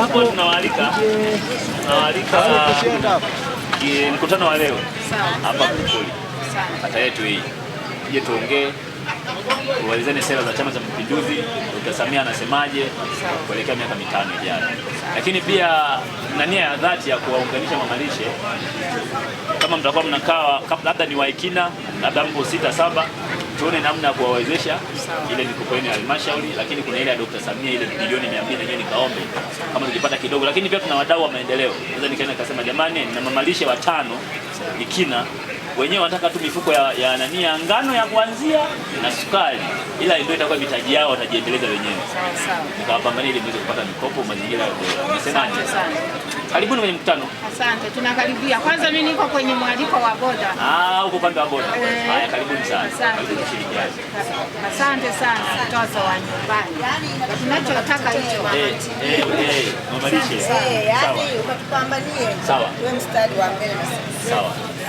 Hapo tunawaalika tunawaalika eh, mkutano wa leo hapa Kikuli, kata yetu hii, tuje tuongee uwalizeni sera za Chama cha Mapinduzi, Dkt. Samia anasemaje kuelekea miaka mitano ijayo, lakini pia na nia ya dhati ya kuwaunganisha mamalishe. Kama mtakuwa mnakaa labda ni Waikina, labda mpo sita saba, tuone namna ya kuwawezesha ile mikopo ya halmashauri, lakini kuna ile ya Dkt. Samia ile bilioni 200 yenyewe nikaombe kama tukipata kidogo, lakini pia tuna wadau wa maendeleo, naweza nikaenda nikasema, jamani, na mamalishe watano Ikina wenyewe wanataka tu mifuko ya, ya nani ya ngano ya kuanzia na sukari, ila ndio itakuwa mitaji yao watajiendeleza wenyewe. Nikawapambania ili mweze kupata mikopo. Mazingira yamesemaje? Karibuni kwenye mkutano. Asante, tunakaribia. Kwanza mimi niko kwenye mwaliko wa boda. Ah, uko upande wa boda. Eh, Haya, karibuni sana. Asante sana. Mtoto wa nyumbani. Tunachotaka hicho eh, eh, wakati. Eh, eh, lishe. Eh, yani ukatupambanie. Sawa. Wewe mstari wa mbele. Sawa.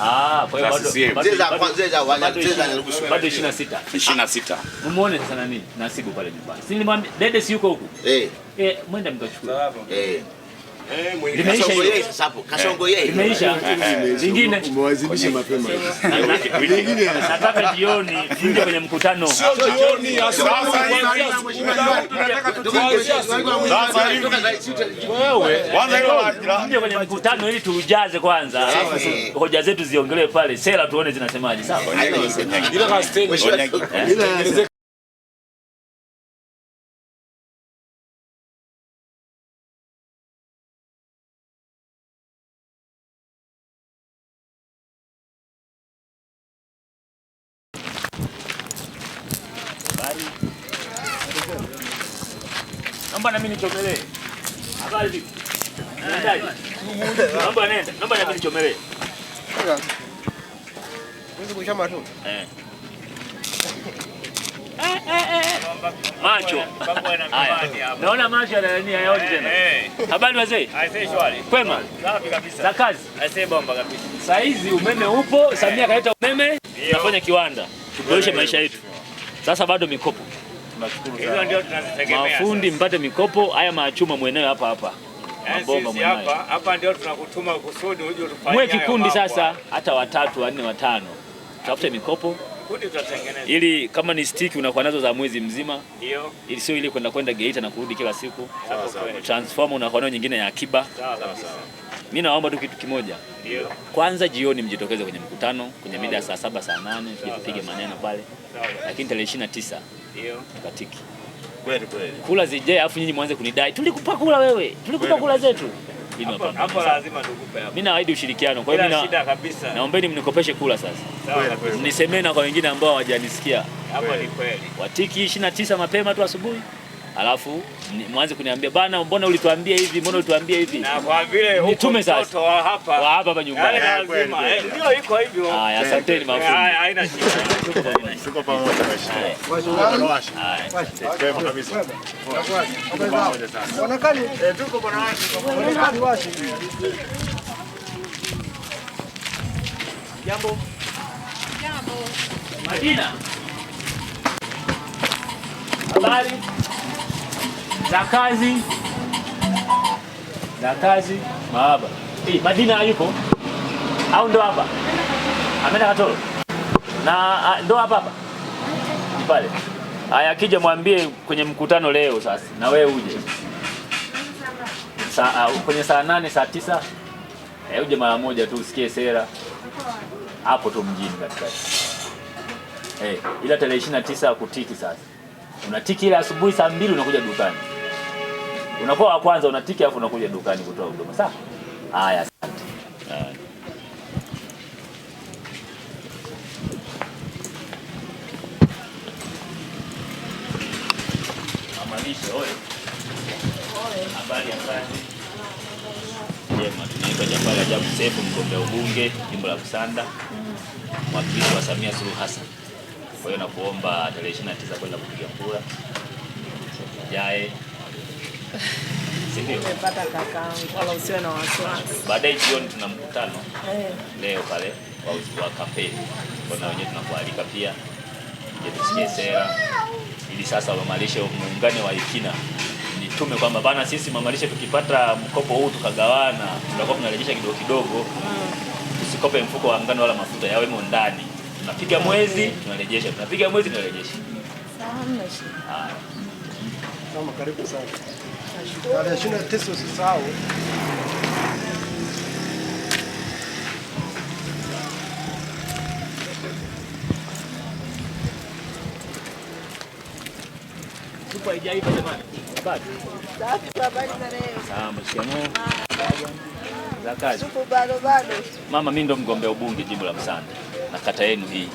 Ah, bado ah, sasa nini nasibu pale nyumbani. Si nilimwambia dede si yuko huku. Eh. Eh, mwenda Sawa. Eh. Eh, limeisha eh, nataka jioni tuje kwenye mkutano kwenye mkutano ili tujaze kwanza, alafu hoja zetu ziongelewe pale, sera tuone zinasemaje. Sawa. Naomba na mimi nichomelee. Habari vipi? Naomba nenda. Naomba na mimi nichomelee. Wewe kuisha macho. Eh. Macho. Naona macho yanania yao eh, tena. Eh. Habari wazee? Kwema. Safi kabisa. Za kazi. Aisee bomba kabisa. Sasa hizi umeme upo, Samia eh. kaleta umeme, nafanya kiwanda. Tuboreshe maisha yetu. Sasa bado mikopo tunashukuru sana. Hizo ndio tunazitegemea. Mafundi mpate mikopo, haya machuma mwenyewe hapa hapa. Eh, mwenyewe. Hapa hapa ndio tunakutuma kusudi uje utufanyie. Mwe kikundi sasa, hata watatu wanne watano, tafute mikopo Kundi tutatengeneza. ili kama ni stiki unakuwa nazo za mwezi mzima, Ndio. ili sio ile kwenda kwenda Geita na kurudi kila siku. Sawa sawa. Transformer unakuwa nayo nyingine ya akiba. Sawa sawa. Mimi naomba tu kitu kimoja. Ndio. Kwanza jioni mjitokeze kwenye mkutano kwenye mida saa saba saa nane tuje tupige maneno pale. Lakini tarehe 29 ndio tukatiki. Kweli kweli. Kula zije afu nyinyi mwanze kunidai. Tulikupa kula wewe. Tulikupa kula zetu. Hapo lazima tukupe hapo. Mimi naahidi ushirikiano. Kwa hiyo mimi shida kabisa. naombeni mnikopeshe kula sasa. Mnisemee na kwa wengine ambao hawajanisikia. Hapo ni kweli. Watiki 29 mapema tu asubuhi alafu mwanze kuniambia bana, mbona ulituambia hivi, mbona ulituambia hivi, na kwa vile nitume sasa wa hapa wa hapa hapa nyumbani. Yaani eh, ndio iko hivyo. Haya, asanteni mafundi. Haya, haina shida, tuko pamoja, tuko pamoja Jambo. Jambo. Madina. Habari za kazi maaba eh, Madina yuko au ndo hapa ameenda Katoro na ndo hapa hapa pale. Haya, akija mwambie kwenye mkutano leo. Sasa na wewe uje saa, kwenye saa nane saa tisa eh, uje mara moja tu usikie sera hapo tu mjini katikati eh, ila tarehe 29 kutiki sasa unatiki ile asubuhi saa mbili unakuja dukani unakuwa wa kwanza unatiki, alafu unakuja dukani kutoa huduma. Sawa, haya, asante. Tunaitwa Jafar Rajabu Seif, mgombea ubunge jimbo la Kusanda, mwakilishi wa Samia Suluhu Hassan. Kwa hiyo nakuomba tarehe 29 kwenda kupiga kura jae Nimepata kakaangu, wala usiwe na wasiwasi. Baadaye jioni tuna mkutano eh. leo pale wa kampeni, na wenyewe tunakualika pia tusikie sera, ili sasa wamalishe muungane wa Ikina nitume kwamba bana, sisi mamalishe tukipata mkopo huu tukagawana, tutakuwa tunarejesha kidogo kidogo, mm. tusikope mfuko wa ngano wala mafuta, yawemo ndani. Tunapiga mwezi tunarejesha, tunapiga mwezi tunarejesha. Kama karibu sana tarehe ishirini na tisa usisahau. Mama, mi ndo mgombea ubunge jimbo la Msanda na kata yenu hii.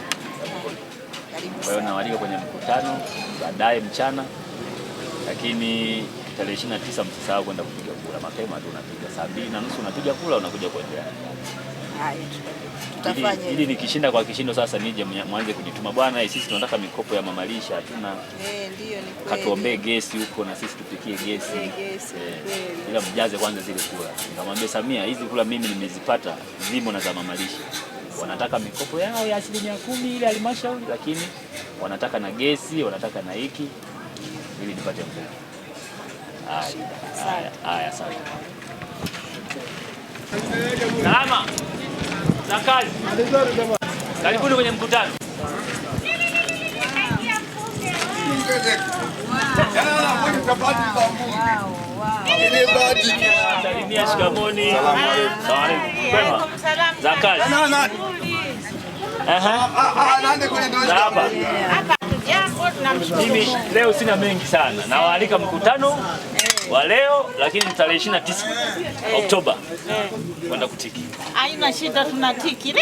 Kwa hiyo nawalika kwenye mkutano baadaye mchana, lakini tarehe 29, msisahau kwenda kupiga kura mapema tu, unapiga saa mbili na nusu unapiga kura, unakuja kuendelea tutafanya ili nikishinda kwa kishindo sasa, nije mwanze kujituma bwana, eh, sisi tunataka mikopo ya mamalisha hatuna, eh, katuombee gesi huko na sisi tupikie gesi e, ila mjaze kwanza zile kula. Nikamwambia Samia, hizi kula mimi nimezipata zimo na za mamalisha, wanataka mikopo yao ya asilimia kumi ile halmashauri, lakini wanataka na gesi, wanataka na hiki ili nipate mkopo. Haya, Salama za kazi. Karibuni kwenye mkutano. Salimia, shikamoni. Za kazi. Hapa. Mimi leo sina mengi sana, nawaalika mkutano wa leo, lakini tarehe 29 Oktoba kwenda kutiki. Haina shida, tunatiki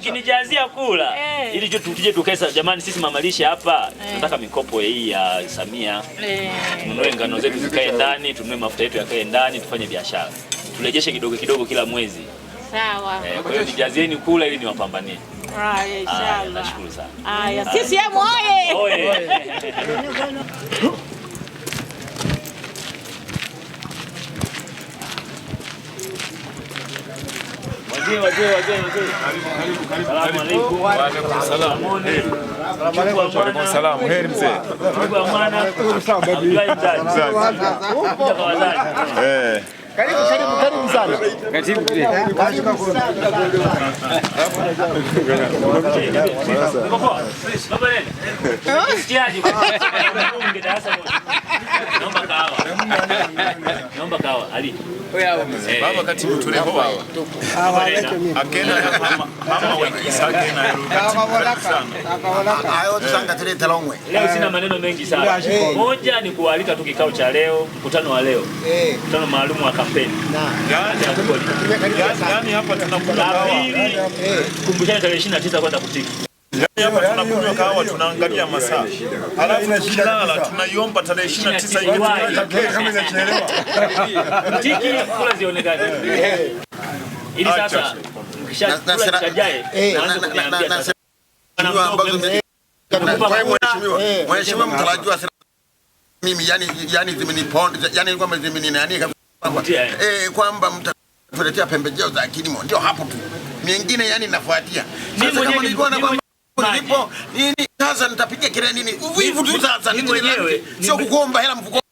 mkinijazia kula eh. ili tuje tukesa. Jamani, sisi mamalishe hapa eh. tunataka mikopo hii ya Samia, eh. tununue ngano zetu zikae ndani, tununue mafuta yetu yakae ndani, tufanye biashara, turejeshe kidogo kidogo kila mwezi. Sawa. Kwa hiyo nijazieni kula ili niwapambanie. Nashukuru sana. Haya, CCM oye! mzee. Karibu, karibu, karibu sana. Karibu Karibu sana. Naomba kahawa. Naomba kahawa Ali. Wewe hapo mzee. Baba kati mtuleho baba. Kahawa lete mimi. Akena mama mama wengi sana na rudi. Kahawa walaka. Kahawa walaka. Hayo tusanga tulete longwe. Leo sina maneno mengi sana. Moja ni kualika tu kikao cha leo, mkutano wa leo. Mkutano maalum wa kampeni. Yaani hapa tunakula kahawa. Kumbushana tarehe 29 kwenda kutiki. Yaani hapa yaani tunakunywa kahawa, tunaangalia masaa, Alafu tukilala tunaiomba tarehe 29 ingekuwa Mheshimiwa mtarajiwa, mimi yani yani zimeniponda yani eh kwamba mtatuletea pembejeo za kilimo, ndio hapo tu, yani nafuatia sasa kama nilikuwa na nilipo nini sasa, nitapiga kelele nini? Uvivu tu sasa, nini mwenyewe sio kukuomba hela mfuko